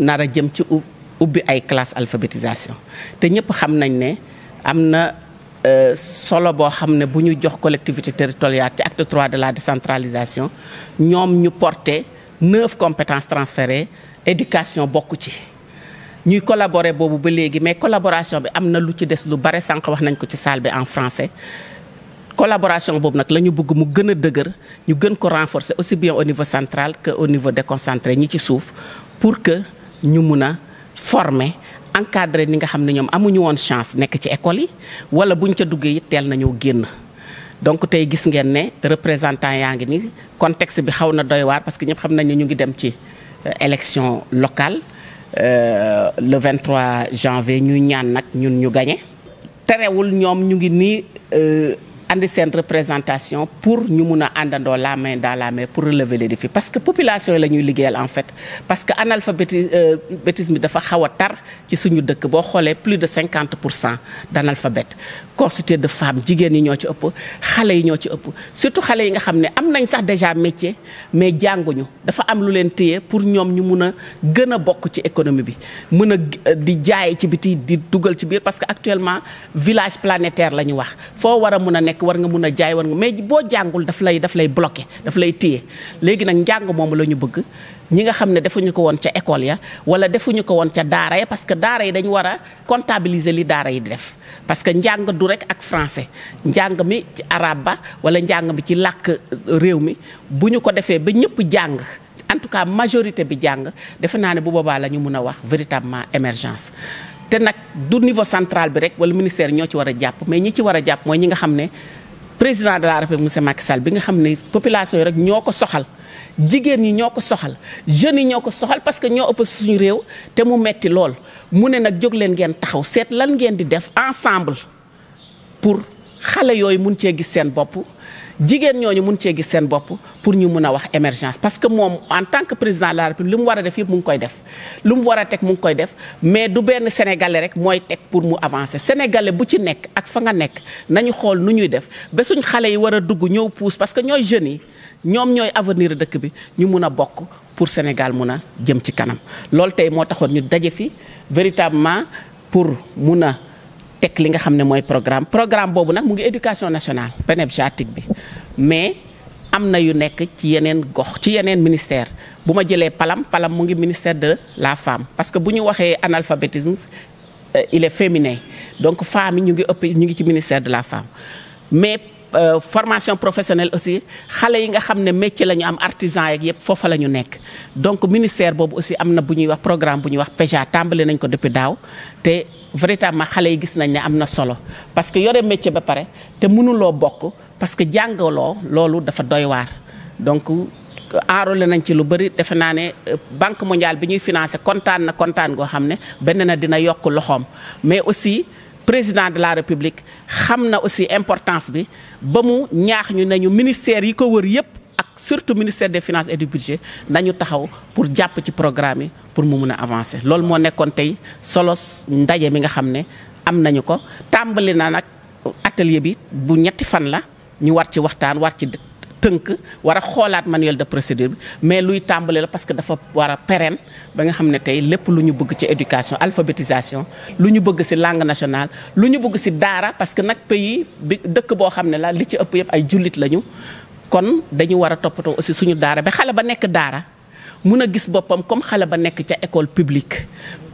nar jëm ci ubbi ay classe alphabétisation té ñëpp xam nañ né amna na euh, solo bo xamné bu ñu jox collectivité territoriale ci acte 3 de la décentralisation ñom ñu porté neuf compétences transférées éducation bokku ci ñuy collaborer bobu ba légui mais collaboration bi amna lu ci des lu bare sank wax nañ ko ci salle bi en français collaboration bobu nak lañu bëgg mu gëna a dëgër ñu gën ko renforcer aussi bien au niveau central que au niveau déconcentré ñi ci suuf pour que ñu mun a former encadrer ni nga xam ne ñoom amuñu woon chance nekk ci école yi wala buñ ca duggee it teel nañoo génn. donc tey gis ngeen ne représentant yaa ngi ni contexte bi xaw na doy waar parce que ñëpp xam nañ ne ñu ngi dem ci euh, élection locale euh, le 23 janvier ñuy ñaan nag ñun ñu gañe terewul ñoom ñu ngi nii. Euh, andi de représentation pour nous mun a la main dans la main pour relever les défis parce que la population est la en fait parce que l'analphabétisme euh, est dafa peu tard tar ci suñu dëkk plus de 50% d'analphabètes constitué de femmes qui yi ñoo ci ëpp xale yi ëpp surtout xale yi nga xam ne am nañ sax déjà métier mais ils dafa am lu leen pour nous ñu mun a bokk ci économie bi mën a euh, di jaay ci biti di parce que actuellement village planétaire il faut wax foo war war nga mun a jaay war nga mais boo jàngul daf lay daf lay bloqué daf lay téye léegi nag njàng moom la ñu bëgg ñi nga xam ne defuñu ko woon ca école ya wala defuñu ko woon ca daara ya parce que daara yi dañu war a comptabiliser li daara yi di def parce que njàng du rek ak francais njàng mi ci arabe ba wala njàng mi ci làkk réew mi bu ñu ko defee ba ñëpp jàng en tout cas majorité bi jàng defe naa ne bu boobaa la ñu mun a wax véritablement émergence te nag du niveau central bi rek wala ministère ñoo ci war a jàpp mais ñi ci war a jàpp ñi nga xam ne président de la république monsieur Macky bi nga xam ne population yi rek ñoo ko soxal jigéen ñi ñoo ko soxal jeunes yi ñoo ko soxal parce que ñoo ëpp suñu réew te mu metti lool mu ne nag jóg leen ngeen taxaw seet lan ngeen di def ensemble pour xale yooyu mun cee gis seen bopp jigen ñooñu mun cee gis seen bopp pour ñu mun a wax émergence parce que moom en tant que président de la république lu mu war a def yëpp mu ngi koy def lu mu war a teg mu ngi koy def mais du benn sénégalais rek mooy teg pour mu avancer sénégalais bu ci nekk ak fa nga nekk nañu xool nu ñuy def ba suñ xale yi war a dugg ñëw puus parce que ñooy jeunes yi ñoom ñooy avenir dëkk bi ñu mun a bokk pour Sénégal mun a jëm ci kanam loolu tey moo taxoon ñu daje fi véritablement pour mun a tek li nga xam moy programme programme bobu nak mu ngi éducation nationale pénébéjatique bi mais amna yu nek ci yenen gox ci yenen ministère buma jélé palam palam mu ngi ministère de la femme parce que buñu waxé waxee analphabétisme euh, il est féminin donc femme ñu ngi ëpp ñu ngi ci ministère de la femme mais euh, formation professionnelle aussi xalé yi nga xamné métier lañu am artisan yeeg yëpp foofa la ñu nekk donc ministère bobu aussi amna buñuy wax programme buñuy wax PEJA tambalé nañ ko depuis daw té véritablement xalé yi gis nañ né amna solo parce que yoré métier ba pare te mënuloo bokk parce que jàngaloo lolu dafa doy war donc aro enrôlé nañ ci lu bari defe naa ne euh, banque mondiale biñuy financer contane kontaan na kontaan goo xam benn na dina yok loxom mais aussi président de la république xamna aussi importance bi ba ñaax ñu nañu ministère yi ko wër yépp ak surtout ministère des finances et du budget nañu taxaw pour japp ci programme pour mu mëna avancer Lool mo nekkon tay solos ndaje mi nga xam am nañu ko tàmbali na nag atelier bi bu ñetti fan la ñu war ci waxtaan war ci tënk war a xoolaat manuel de procédure bi mais luy tàmbali la parce que dafa war a pérenne ba nga xam ne tey lépp lu ñu bëgg ci éducation alphabétisation lu ñu bëgg si langue national lu ñu bugg si daara parce que nag pays bi dëkk boo xam ne la li ci ëpp yëpp ay jullit lañu kon dañu war a toppatoo aussi suñu daara ba xale ba nekk daara mun a gis boppam comme xale ba nekk ca école publique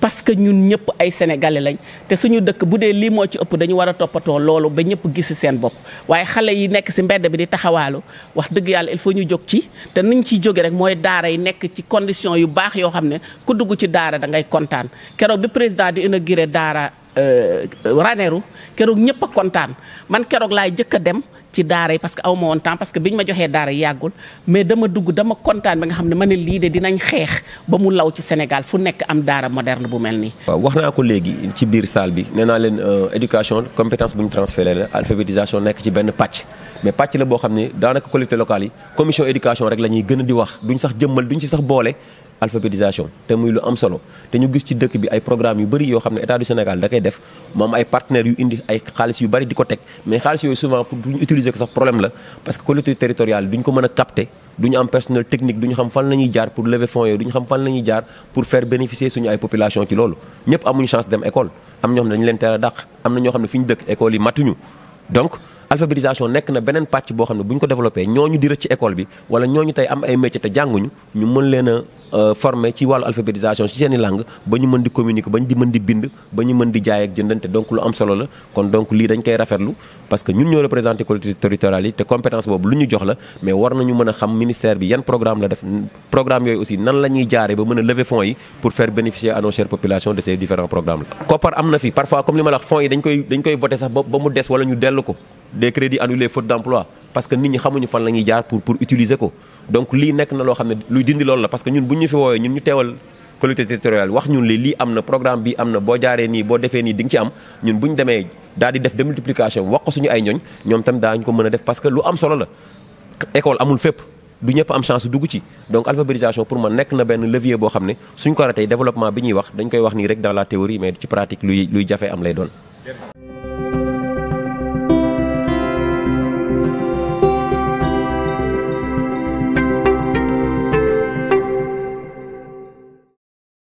parce que ñun ñëpp ay sénégalais lañ te suñu dëkk bu dee lii moo ci ëpp dañu war a toppatoo loolu ba ñëpp gisi seen bopp waaye xale yi nekk si mbedd bi di taxawaalu wax dëgg yàlla il faut ñu jóg ci te niñ ciy jóge rek mooy daara yi nekk ci condition yu baax yoo xam ne ku dugg ci daara da ngay kontaan keroog bi président di inauguré daara Euh, Ranérou keroog ñëpp kontaan man keroog laay jëkk dem ci daara yi parce que aw ma woon parce que bi ñu ma joxee daara yi yàggul mais dama dugg dama kontaan bi nga xam ne ma ne lii de dinañ xeex ba mu law ci Sénégal fu nekk am daara moderne bu mel nii. waaw wax naa ko léegi ci biir salle bi nee naa leen euh, éducation compétence bu ñu transféré la alphabétisation nekk ci benn pàcc mais pàcc la boo xam ne daanaka collectivités locales yi commission éducation rek la ñuy gën a di wax duñ sax jëmmal ci sax alphabétisation té muy lu am solo ñu gis ci dëkk bi ay programme du Sénégal da def partenaires mais souvent pour problème parce que collectivité territoriale duñ ko capter am personnel technique xam fan pour lever fonds xam fan pour faire bénéficier suñu ay population ci loolu ñëpp amuñu chance dem école am leen am alphabétisation nek na benen patch bo xam buñ ko développer ñoñu di ci école bi wala ñoñu tay am ay métier te janguñu ñu mën leena a euh, former ci walu alphabétisation ci seen langue ba ñu mën di communiquer bañ di mën di bind ba ñu mën di jaay ak jëndante donc lu am solo la kon donc li dañ koy rafetlu parce que ñun ñoo représenté collectivités territoriales te compétence boobu lu ñu jox la mais war nañu mën a xam ministère bi yan programme la def programme yooyu aussi nan la ñuy jaaree ba mën a lever fonds yi pour faire bénéficier à nos chères populations de ces différents programmes la koppar am na fi parfois comme li ma la wax fonds yi dañ koy dañ koy voter sax ba mu des wala ñu dellu ko des crédits annulés faute d'emploi parce que nous, ñi savons fan pour pour utiliser donc nous na luy dindi parce que ñun fi ñun ñu collectivité territoriale wax ñun li programme bi am bo jaaré ni bo nous ni ci am ñun nous démé daal di def wax ay def parce que lu am solo la école amul donc alphabétisation pour na suñ